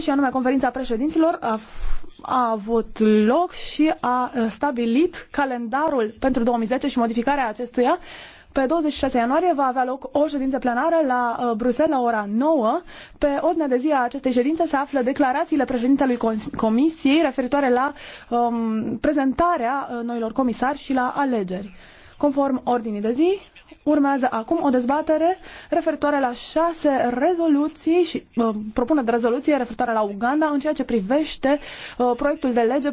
și anume conferința președinților a, a avut loc și a stabilit calendarul pentru 2010 și modificarea acestuia. Pe 26 ianuarie va avea loc o ședință plenară la Bruxelles la ora 9. Pe ordinea de zi a acestei ședințe se află declarațiile președintelui Comisiei referitoare la um, prezentarea noilor comisari și la alegeri. Conform ordinii de zi, Urmează acum o dezbatere referitoare la șase rezoluții și uh, um, propuneri de rezoluție referitoare la Uganda în ceea ce privește uh, proiectul de lege